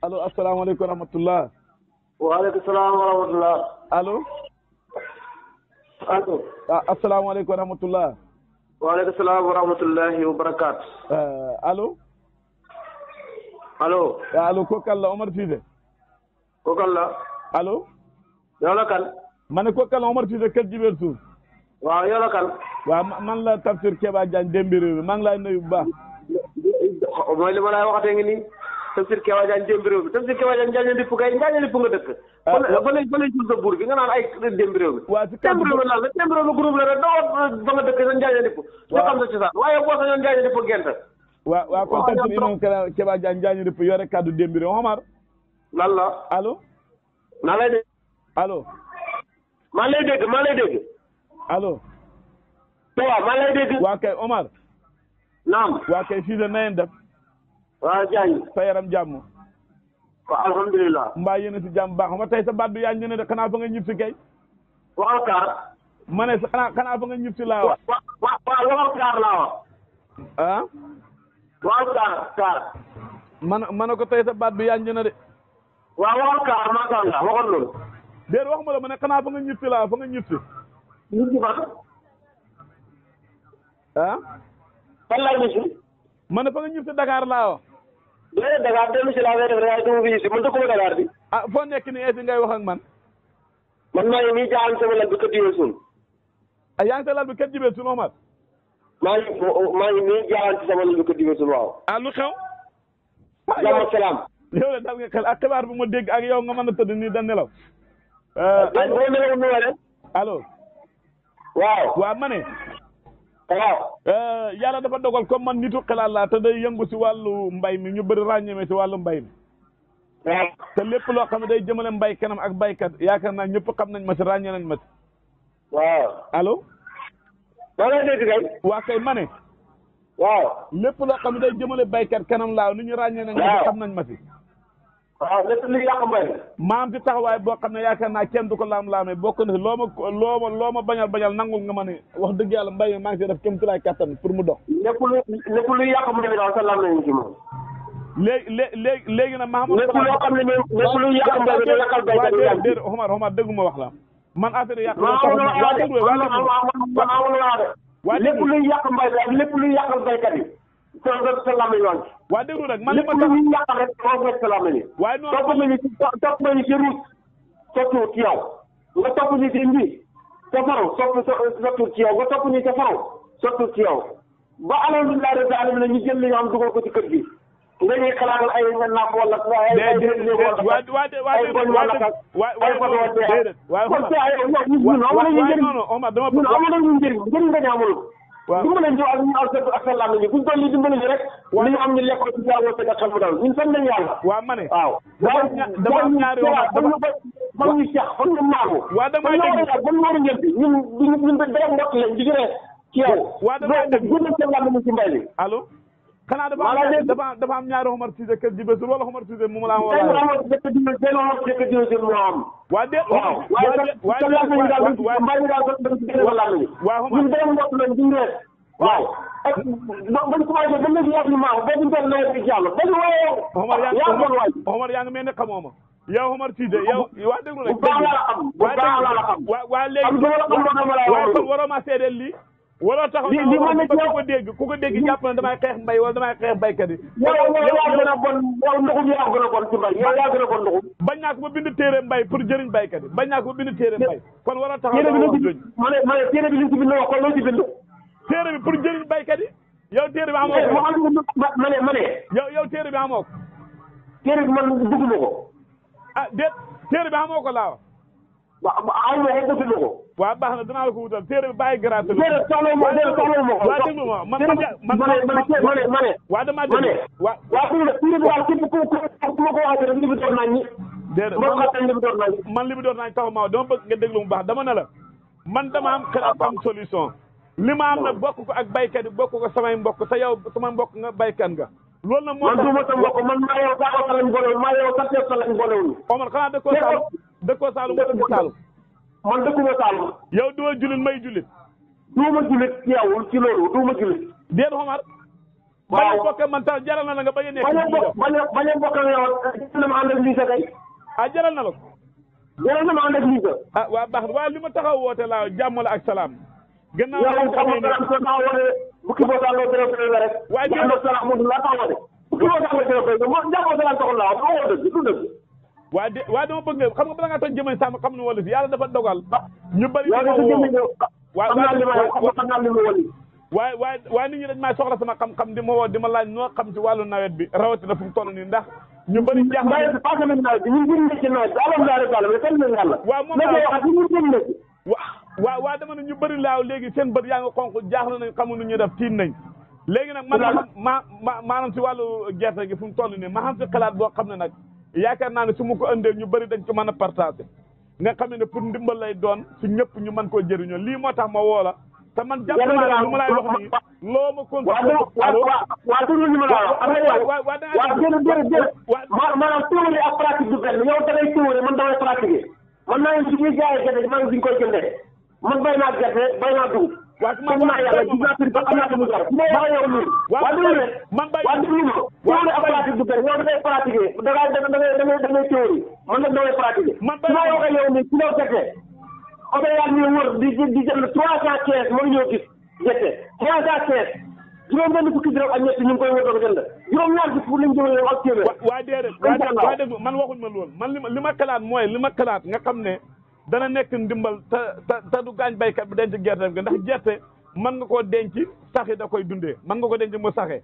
allo asalaamaaleykum wa rahmatulah. waaleykum salaam wa rahmatulah. allo. allo. ah asalaamaaleykum wa rahmatulah. waaleykum salaam wa rahmatulahi wa barakaat. Eh, allo. allo. Eh, allo ko kan la Omar Cissé. ko kan la. allo. yow la kan. ma ne ko kan la Omar Cissé kër Jibel Suuf. waaw yow la kan. waaw man la Tafsir Keba Diagne Demba Réew mi maa ngi lay nuyu bu baax. mooy li ma lay waxatee ngi nii. tafsir Kewa Diagne démb réew mi tafsir Kewa Diagne Njaañu Ndip kay Njaañu Ndip nga dëkk. ah waaw ba lay ba lay suul sa buur bi nga naan ay démb réew mi. waaw si kàddu gi démb réew mi lan la démb réew mi groupe la rek doo ba nga dëkk sa Njaañu Ndip. waaw nga xam sa cosaan waaye boo sañoon Njaañu Ndip gent. waaw waaw kon tafsir imam Kewa Diagne Njaañu Ndip yore kàddu démb réew Omar. lan la allo. naa lay dégg. allo. maa lay dégg maa lay dégg. allo. waaw maa lay dégg. waa kay Omar. naam. waa kay Cissé na ngeen def waaw Diagne. sa yaram jàmm. alhamdulilah. mbaa yéen a si jàmm baax ma tey sa baat bi yaa ñu ne de xanaa fa nga ñib si kay. waxal kaar. ma ne xanaa xanaa fa nga ñib si laa wa wa waaw kaar laa wax. ah. kaar kaar. man ma ko tey sa baat bi yaa ñu ne kaar macha allah waxal loolu. déedéet ma ne xanaa fa nga ñib si laa fa nga ñib si. ñib si fan. Ah? Dakar laa déedéet Dakar dellu si laa koy def rek dama fi si man dëkkuma Dakar bi. ah foo nekk nii est ngay wax ak man. man maa ngi nii jaaxal sama lal bi kër jibee suun. Ah, sa lal bi kër jibee suun Omar. maa ngi maa ngi nii jaaxal ci sama lal bi kër jibee suun waaw. ah lu xew. ah yow salaam. yow nga xel ak xibaar bu ma dégg ak yow nga mën a tëdd nii da nelaw. ah euh, allo. waaw waaw ma Eh, yàlla dafa dogal comme man nitu xalaat laa te day yëngu si wàllu mbay mi ñu bëri ràññeeme si wàllu mbay mi. te lépp loo xam ne day jëmale mbay kanam ak baykat yaakaar naa ñëpp xam nañ ma si ràññee nañ ma si. waaw allo. maa ngi waa kay ma ne. waaw lépp loo xam ne day jëmale baykat kanam laaw ni ñu ràññee nañ ma si xam nañ ma si. waaw lépp li yàq mbay maam ci taxawaay boo xam ne yaakaar naa kenn du ko laam-laamee bokk na loo ma loo ma loo ma bañal bañal nangul nga ma ne wax dëgg yàlla mbay mi maa ngi si def kéem tolluwaay kattan pour mu dox lépp lu lépp lu yàq mbay mi daal sa laam nañu ci moom léegi léegi léegi nag maa lépp loo xam ne lépp lu yàq mbay mi yàqal baykat bi waaw déedéet Omar Omar dégguma wax la man affaire yàq waa lépp luy yàq mbay lépp luy yàqal baykat yi sa sa laam nañu waa déglu nag man li ma tax lépp lu ñu yàq rek loolu rek la mel. waaye noonu topp nga ni topp nga ni ci ruus sottul ci yow nga topp ni ci mbi sa faraw sottul ci yow nga topp ni sa faraw sottul ci yow ba alhamdulilah rabbil alamin ñu jël li nga xam dugal ko ci kër gi. nga ñuy xalaatal ay nga naaf wala ay ay ay ay ay ay waaw ñu mën a ñëw ak ñu am ak seen làmb yi bu ñu toll nii dimbali ñu rek. waaw ñu am ñu lekk ci saa woote ak xel mu dal ñun sant nañu yàlla. waaw ma ne. waaw dama dama ñaari wax dama dama ñu seex fan ñu naagu. waaw dama ñu war a ban war a ñëpp ñun ñun dara mbokk lañ di gërëm ci yow. waaw dama ñu gën a seen làmb ci mbay mi allo. xanaa dafa am dafa am ñaari Omar Cissé kër ji bésul wala Omar Cissé mu ma la am dëkk ji benn Omar Cissé kër ji bésul moo am waaye de waaw waaye waaye waaw bañ commencé ba léegi yàgg maa ba duñ toll nawet bi jàll ba ñu waay Omar yaa ngi mel ne xamoo ma yow Omar Cissé yow waa déglu rek bu baax laa la xam bu baax laa la xam waaye léegi waaye kon waroo ma seedeel lii wala taxaw li li ma ne ku ko dégg ku ko dégg jàpp na damay xeex mbay wala damay xeex a bon a bon mbay yow a bon ndoxum. bañ naa ko ba bind téere mbay pour jëriñ baykat yi bañ naa ko ba bind téere mbay. kon war a taxaw loolu ma ne ma ne téere bi li ci bind wax kon loo ci bind. téere bi pour jëriñ baykat téere bi amoo eh, ma ne ma ne. ko. téere bi man ah, bi amoo ko laa waaw ma ko bëgg ko. waaw baax na danaa la ko wutal téere bi bàyyi garaas. téere soxla ma téere ma man man man man man man. waaw damaa déglu waaw. waaw fi mu ne fii daal ma ko waxee rek li bi naa ñi. déedéet dama bëgg nga déglu mu baax dama na la. man dama am xalaat am solution. li ma am nag bokk ak baykat di bokk ko samay mbokk te yow sama mbokk nga baykat nga. loolu nag moo tax man du ma sa mbokk man maa yow sax sa lañ maa yow sax sa lañ boolewul. Omar xanaa da koo dëkkoo Saalum wala dëkk Saalum. man dëkkuma Saalum. yow doo jullit may jullit. duuma jullit yow ci loolu duuma jullit. déet Omar. waaw bañ a bokk man tax jaral na la nga bañ a nekk. bañ a a bañ a bokk kay. ah jaral na la ko. jaral na ma ànd ak ah, waa baax waaye li ma taxaw woote laa jàmm la ak salaam. gannaaw yow xamul ne yow xamul ne bu la du dëgg. waaye de waaye dama bëgg nga xam nga bala ngaa toj jëmale sàmm xam ne wolof dafa dogal. ñu bëri ñu ma woo waaw xam naa li ma xam naa li ma wolof. waaye waaye waaye nit ñi dañ maa soxla sama xam-xam di ma woo di ma laaj noo xam ci wàllu nawet bi rawatina fu mu toll nii ndax. ñu bëri jaaxal nawet bi passé nañ nawet bi ñun gën nañ ci nawet bi alhamdulilah daal mais kenn nañ yàlla. waaw moom laa wax ñu gën nañ ci. waaw waaw dama ne ñu bëri laaw léegi seen bët yaa nga xonq jaaxle nañ xamuñu ñu def tiin nañ léegi nag man ma ma maanaam si wàllu gerte gi fu mu toll nii ma xam si xalaat xam ne nag yaakaar naa ne su ma ko andee ñu bëri dañ ko man a partagé nga xam ne pour ndimbal lay doon su ñëpp ñu mën koo jëriñoo lii moo tax ma woo la te man jàpp naa ma lay wax nii loo ma kon waaw déglu li ma la wax am na yow waaw jërëjëf jërëjëf maanaam da ngay théorie man damay pratiquer man naa leen su ñuy jaayee gerte maa ngi duñ koy jëndee man bay naa gerte bay naa dugub waaw man maa yàlla gis naa tur ba xam naa dama doon maa yow loolu. waaw loolu rek man bàyyi waaw déglu ma. waaw loolu pratique du bëri yow dangay pratiquer da ngay da ngay da ngay da ngay théorie man nag damay pratiquer. man bàyyi ma waxee yow nii kilo gerte. oto yaa ngi wër di di di jënd trois cent quinze mooy ñoo gis gerte trois cent quinze juróom benn fukki dërëm ak ñett ñu ngi koy wër doon jënd juróom ñaar fukki pour lañ jëmale ak téeméer. waaw waaye déedéet waaye déedéet man waxuñ ma loolu man li ma li ma kalaat mooy li ma kalaat nga xam ne dana nekk ndimbal te te du gaañ baykat bi denc gerteem gi ndax gerte mën nga koo denc saxi da koy dundee mën nga ko denc mu saxe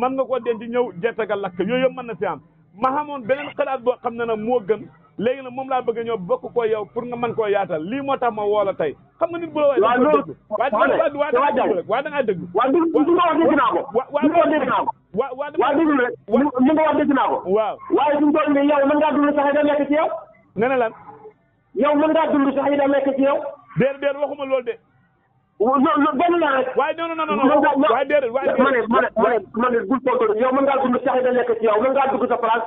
mën nga koo denc ñëw gerte ga lakk yooyu yëpp mën na si am ma xamoon beneen xalaat boo xam ne nag moo gën léegi nag moom laa bëgg ñëw bokk ko yow pour nga mën koo yaatal lii moo tax ma woo la tey xam nga nit bu la waaye waaw loolu waa da ngaa waa da dégg waaw du du nga dégg naa ko du nga wax dégg waa waa waa déglu rek mu nga wax dégg naa waaw waaye suñu tool ni yow mën ngaa dund ne lan yow mën ngaa dund sax yi da nekk ci yow. déedéet déedéet waxuma loolu de. lo benn la rek. waaye non non non non waaye déedéet waaye déedéet ma ne ma ne ma ne bul tontu yow mën ngaa dund sax yi da nekk ci yow mën ngaa dugg sa place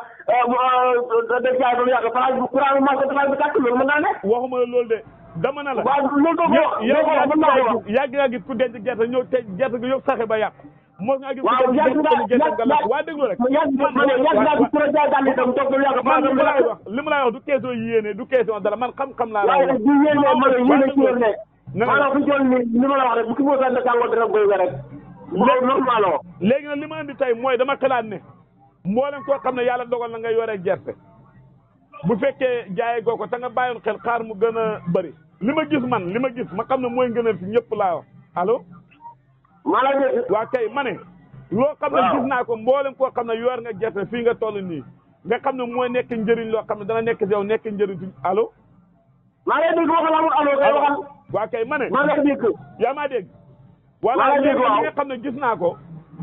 dañ caa doon yàgg place bu courant bi manqué place bi tàkk loolu mën naa ne. waxuma loolu de. dama na la waaw loolu doo ko wax. yàgg yàgg ku denc gerte ñëw te gerte gi yëpp saxe ba yàqu mos nga gis waaw waa déglu rek ma ne yàgg nga gis projet daal itam toog li ma lay wax li ma lay wax du question yéene du question man xam-xam laa la wax du yéene ma ne yéene ci ne la wax rek bu ci boo sànni tàngoor dara koy we rek léegi loolu léegi nag li ma andi tey mooy dama xalaat ne mboolem koo xam ne yàlla dogal na nga yore gerte bu fekkee jaayee goo ko te nga bàyyoon xel xaar mu gën a bari li ma gis man li ma gis ma xam ne mooy gën a fi ñëpp laa wax allo maa waa kay ma ne. loo xam ne gis naa ko mboolem koo xam ne yor nga gerte fii nga toll nii. nga xam ne mooy nekk njëriñ loo xam ne dana nekk si yow nekk njëriñ si allo. maa ngi lay dégg waxal amul allo waa kay ma ne. maa yaa maa dégg. maa ngi lay nga xam ne gis naa ko.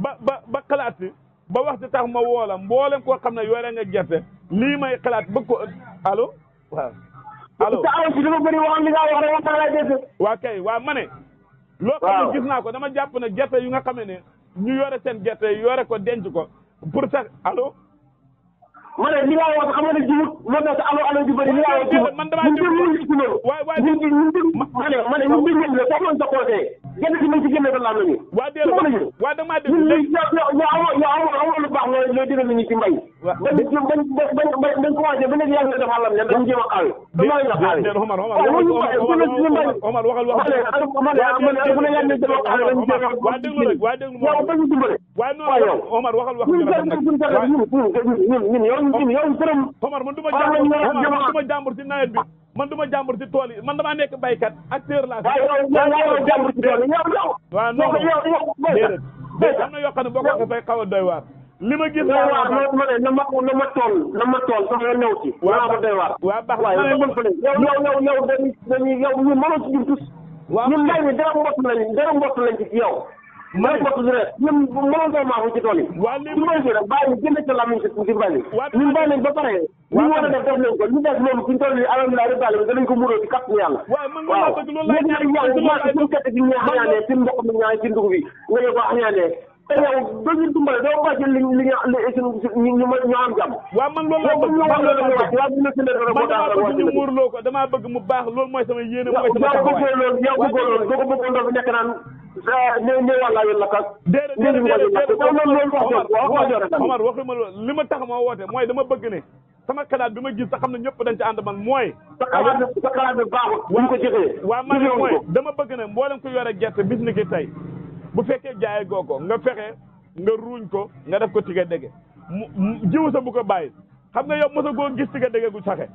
ba ba ba xalaat si. ba wax ci tax ma woo mboolem koo xam ne yore nga gerte. lii may xalaat bëgg ko allo. li ma bëri waxal li waa kay waa ma loo xam gis naa ko dama jàpp na gerte yu nga xam ne ñu yore seen gerte yore ko denc ko pour sa allo. ma ne li nga wax xam nga ne jiwu moo tax allo allo ji bëri li nga wax jiwu. man damaa déglu waaye waaye. ma ne ma ne ñu ngi leen di leen soxla sa conseil. genn si mën si génne ko laal nañu. waa dégg nga waa damaa dégg ñun ñu amoo lu baax looy looy déglu ñu ci mbay. waaw ba ñu ba ñu ba ñu commencé ba nekk yàlla dafa àllam ne dañu jéem a xaal. dégg nga dégg Omar Omar Omar waxal waxal waa déglu rek waa déglu waaw ba ñu dimbale. waaw non Omar waxal waxal ñu rafet nag waaw ñun ñun ñun ñun yow ñun yow. Omar man du ma jàmbur si nawet bi man du ma jàmbur ci tool yi man damaa nekk baykat acteur laa. waaw jàmbur ci tool yi yow yow. waaw non non déedéet déedéet am na yoo xam ne boo ko dafay xaw a doy waar. li ma gis. waaw waaw man ma ne na ma na ma tool na ma tool sax nga ñëw ci. waaw waaw doy waar. waaw baax na yow yow yow yow dañuy dañuy yow ñu mënoo ci jur tus. waaw ñun mbay mi dara mbott lañ dara mbott lañ ci yow. Mwen pat do dire, llu man enfan may rounke toni. Mwen an Scottish admissions k eller mot, sk utir battle. Mwen banen batare, mwen wane da verne an, mwen vaje man arm la rebal, men beko moun coating yani ta. Mwen wane mwen an, mwen vaje, mwen kate человечe kanine anys Mrs. Dengue, mwen yon kansiianske ki. te yow doo ñu li nga li ñu am jàmm. waaw man loolu laa bëgg man loolu laa ko damaa bëgg mu baax loolu mooy sama yéene mooy sama taxawaay yow bëggoo loolu yow bëggoo loolu nekk naan ne ne ma loolu li ma tax moo woote mooy dama bëgg ne. sama xalaat bi ma gis sax xam ne ñëpp dañ ci ànd man mooy. sa xalaat bi ko jëfee. waaw man mooy dama bëgg ne mboolem ku yore gerte bis ni ki tey bu fekkee jaay goo ko nga fexe nga ruuñ ko nga def ko tiga dege mu jiwu sa bu ko bàyyi xam nga yow mosa goo gis tiga dege gu saxe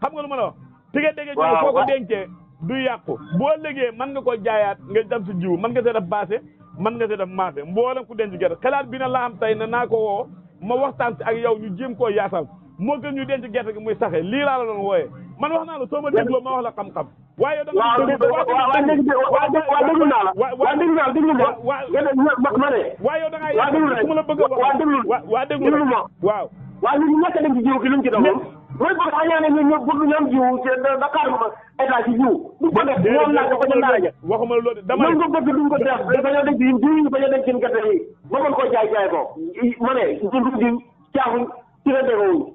xam nga lu ma ne wax tiga dege jooju foo ko dencee du yàqu boo légee mën nga ko jaayaat nga dem si jiwu mën nga see def baase mën nga see def maase mboolem ku denc gerte xalaat bi na la tey ne naa ko woo ma waxtaan si ak yow ñu jéem koo yaasal moo gën ñu denc gerte gi muy saxe lii laa la doon wooyee man wax naa la soo ma dégloo ma wax la xam-xam waaye dama waaw dégg waaw dégg waaw déglu naa la. waaw déglu naa la déglu ma. waaw yow da ngaa yàq su ma la bëgg a wax. waaw déglu waaw déglu ma. waaw waaw ñun ñàkk a dem ci jiw gi lu mu ci doon. mooy boo xam ne ñoom ñoom bëgg ñoom jiw Dakar ma état ci jiw. du ko def ñoom naa ko bañ a laaj. waxuma loolu dama ne ko bëgg duñ ko def bañ a dem ci jiw ñu bañ a dem ci gerte yi. ba mën koo jaay jaay ko. ma ne jiw jiw caafu ci la déggoo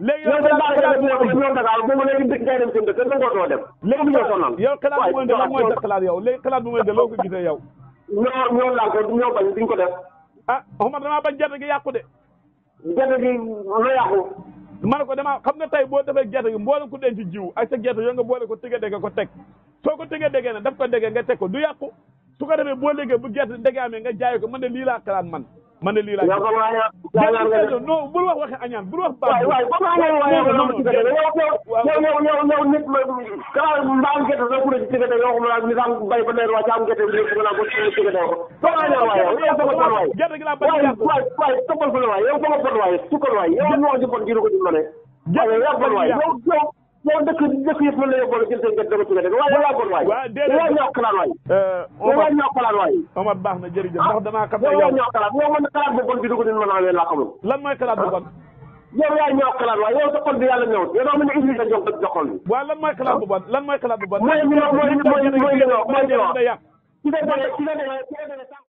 léegi yow dañ a bu ñoom Dakar boobu léegi dëkk ngay dem dem léegi ñoo sonal yow xalaat bu lan mooy sa xalaat yow léegi xalaat bu may de loo ko gisee yow ñoo ñoo laal ko ñoo bañ ah, gi yàqu de gerte gi lu yàqu ma ko damaa xam nga tey boo defee gerte gi mboole ku denc jiw ak sa gerte yoo nga boole ko tëgg dégg ko teg soo ko tëgg déggee ne daf ko déggee nga teg ko du yàqu su ko defee boo léegi bu gerte dégg amee nga jaay ko man ne lii laa man man de lii laa gis non bul wax waxe añaan bul wax baax waay waay ba ma ci da yow yow yow nit ma ka mbaam gerte do ko ci gerte yow ma ni sam bay ba leer wa ci am gerte ni ko na ko ci gerte do ko ko añaan waay yow sama ko waay gerte gi laa bay waay waay topal fa waay yow sama pot waay sukar waay yow ñu moom dëkk dëkk yëpp mën na yóbbu jël seen gerte dama ci gerte waaye laa góor waay laa ñoo xalaat waay laa ñoo xalaat waay Omar baax na jërëjëf ndax danaa kat yow ñoo xalaat yow man xalaat bu bon bi dugg din mën naa laa xamul lan mooy xalaat bu bon yow yaa ñoo xalaat waay yow sa xol bi yàlla ñëwut yow dama ne iblis a jox sa xol bi waaw lan mooy xalaat bu bon lan mooy xalaat bu bon mooy mooy mooy mooy mooy mooy mooy mooy